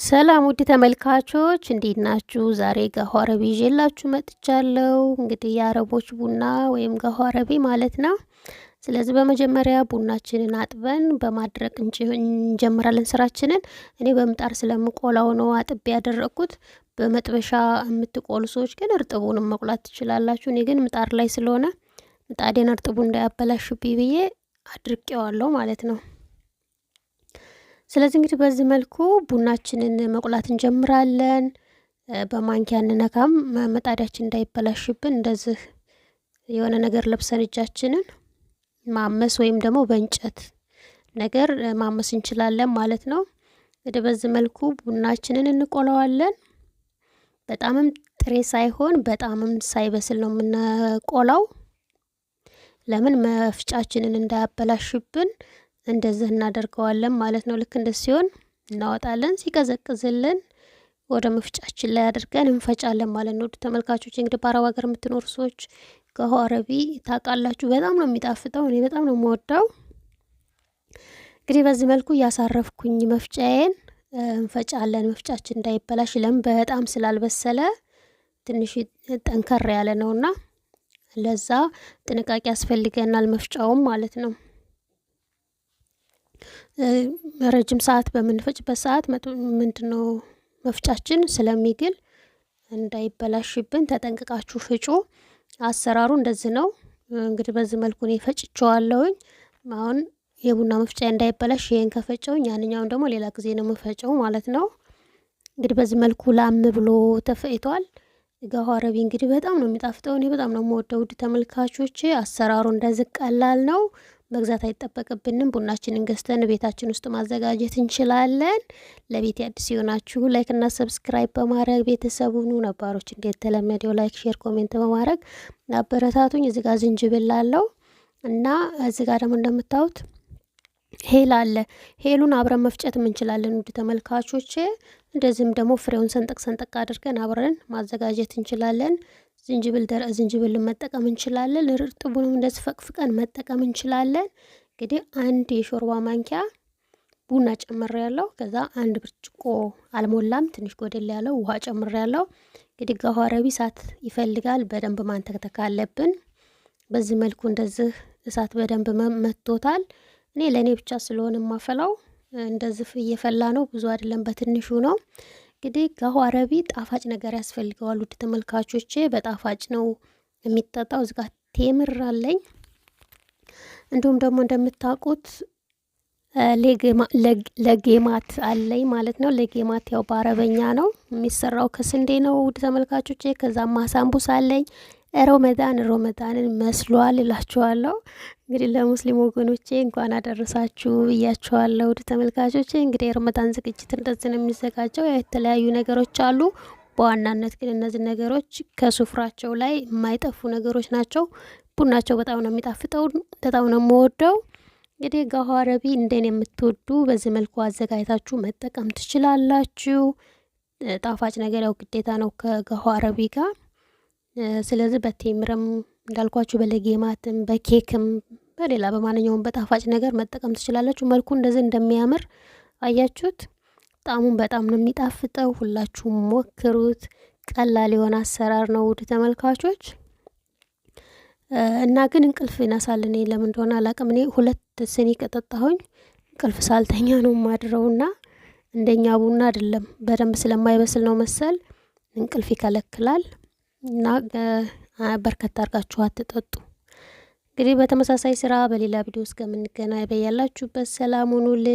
ሰላም ውድ ተመልካቾች እንዴት ናችሁ? ዛሬ ጋሁ አረቢ ይዤላችሁ መጥቻለሁ። እንግዲህ የአረቦች ቡና ወይም ጋሁ ማለት ነው። ስለዚህ በመጀመሪያ ቡናችንን አጥበን በማድረቅ እንጀምራለን ስራችንን። እኔ በምጣር ስለምቆላው ነው አጥቤ ያደረግኩት። በመጥበሻ የምትቆሉ ሰዎች ግን እርጥቡንም መቁላት ትችላላችሁ። እኔ ግን ምጣር ላይ ስለሆነ ምጣዴን እርጥቡ እንዳያበላሹብኝ ብዬ አድርቄዋለሁ ማለት ነው። ስለዚህ እንግዲህ በዚህ መልኩ ቡናችንን መቁላት እንጀምራለን። በማንኪያ እንነካም፣ መጣዳችን እንዳይበላሽብን እንደዚህ የሆነ ነገር ለብሰን እጃችንን ማመስ ወይም ደግሞ በእንጨት ነገር ማመስ እንችላለን ማለት ነው። እንግዲህ በዚህ መልኩ ቡናችንን እንቆለዋለን። በጣምም ጥሬ ሳይሆን በጣምም ሳይበስል ነው የምንቆላው። ለምን መፍጫችንን እንዳያበላሽብን እንደዚህ እናደርገዋለን ማለት ነው። ልክ እንደዚህ ሲሆን እናወጣለን። ሲቀዘቅዝልን ወደ መፍጫችን ላይ አድርገን እንፈጫለን ማለት ነው። ተመልካቾች እንግዲህ በአረብ ሀገር የምትኖሩ ሰዎች ገሆ አረቢ ታውቃላችሁ። በጣም ነው የሚጣፍጠው። እኔ በጣም ነው የምወደው። እንግዲህ በዚህ መልኩ እያሳረፍኩኝ መፍጫዬን እንፈጫለን። መፍጫችን እንዳይበላሽ ለም በጣም ስላልበሰለ ትንሽ ጠንከር ያለ ነውና ለዛ ጥንቃቄ ያስፈልገናል መፍጫውም ማለት ነው። ረጅም ሰዓት በምንፈጭበት ሰዓት ምንድን ነው መፍጫችን ስለሚግል እንዳይበላሽብን ተጠንቅቃችሁ ፍጩ። አሰራሩ እንደዚህ ነው እንግዲህ። በዚህ መልኩ እኔ ፈጭቸዋለሁኝ። አሁን የቡና መፍጫ እንዳይበላሽ ይህን ከፈጨውኝ፣ ያንኛውን ደግሞ ሌላ ጊዜ ነው የምፈጨው ማለት ነው። እንግዲህ በዚህ መልኩ ላም ብሎ ተፈይቷል። ጋሁ አረቢ እንግዲህ በጣም ነው የሚጣፍጠው። እኔ በጣም ነው የምወደው። ውድ ተመልካቾቼ አሰራሩ እንደዚህ ቀላል ነው። መግዛት አይጠበቅብንም። ቡናችንን ገዝተን ቤታችን ውስጥ ማዘጋጀት እንችላለን። ለቤት አዲስ የሆናችሁ ላይክና ሰብስክራይብ በማድረግ ቤተሰቡኑ ነባሮች እንደተለመደው ላይክ፣ ሼር፣ ኮሜንት በማድረግ አበረታቱኝ። እዚጋ ዝንጅብል አለው እና ጋር ደግሞ እንደምታዩት ሄል አለ። ሄሉን አብረን መፍጨት እንችላለን። ውድ ተመልካቾቼ እንደዚህም ደግሞ ፍሬውን ሰንጠቅ ሰንጠቅ አድርገን አብረን ማዘጋጀት እንችላለን። ዝንጅብል ደረቅ ዝንጅብልን መጠቀም እንችላለን። ርጥቡንም እንደዚህ ፈቅፍቀን መጠቀም እንችላለን። እንግዲህ አንድ የሾርባ ማንኪያ ቡና ጨምር ያለው ከዛ አንድ ብርጭቆ አልሞላም ትንሽ ጎደል ያለው ውሃ ጨምር ያለው። እንግዲህ ጋኋረቢ እሳት ይፈልጋል። በደንብ ማንተክተክ አለብን። በዚህ መልኩ እንደዚህ እሳት በደንብ መቶታል። እኔ ለእኔ ብቻ ስለሆነ የማፈላው እንደዚህ እየፈላ ነው፣ ብዙ አይደለም፣ በትንሹ ነው። እንግዲህ ጋሁ አረቢ ጣፋጭ ነገር ያስፈልገዋል። ውድ ተመልካቾቼ በጣፋጭ ነው የሚጠጣው። እዚጋ ቴምር አለኝ። እንዲሁም ደግሞ እንደምታውቁት ለጌማት አለኝ ማለት ነው። ለጌማት ያው በአረበኛ ነው የሚሰራው ከስንዴ ነው። ውድ ተመልካቾች ከዛም ማሳንቡስ አለኝ። ሮመዳን ሮመዳንን መስሏል እላችኋለሁ። እንግዲህ ለሙስሊም ወገኖቼ እንኳን አደረሳችሁ ብያችኋለሁ። ውድ ተመልካቾች፣ እንግዲህ የሮመዳን ዝግጅት እንደዚህ ነው የሚዘጋጀው። የተለያዩ ነገሮች አሉ። በዋናነት ግን እነዚህ ነገሮች ከሱፍራቸው ላይ የማይጠፉ ነገሮች ናቸው። ቡናቸው በጣም ነው የሚጣፍጠው፣ በጣም ነው የምወደው። እንግዲህ አረቢ እንደን የምትወዱ በዚህ መልኩ አዘጋጅታችሁ መጠቀም ትችላላችሁ። ጣፋጭ ነገር ያው ግዴታ ነው አረቢ ጋር። ስለዚህ በቴምርም እንዳልኳችሁ በለጌማትም በኬክም በሌላ በማንኛውም በጣፋጭ ነገር መጠቀም ትችላላችሁ። መልኩ እንደዚህ እንደሚያምር አያችሁት። ጣዕሙን በጣም ነው የሚጣፍጠው። ሁላችሁም ሞክሩት። ቀላል የሆነ አሰራር ነው ውድ ተመልካቾች። እና ግን እንቅልፍ ይነሳል። እኔ ለምን እንደሆነ አላቅም። እኔ ሁለት ስኒ ከጠጣሁኝ እንቅልፍ ሳልተኛ ነው ማድረው እና እንደኛ ቡና አይደለም በደንብ ስለማይበስል ነው መሰል እንቅልፍ ይከለክላል። እና በርከት አድርጋችሁ አትጠጡ። እንግዲህ በተመሳሳይ ስራ በሌላ ቪዲዮ እስከምንገናኝ በያላችሁበት ሰላም ሁኑልኝ።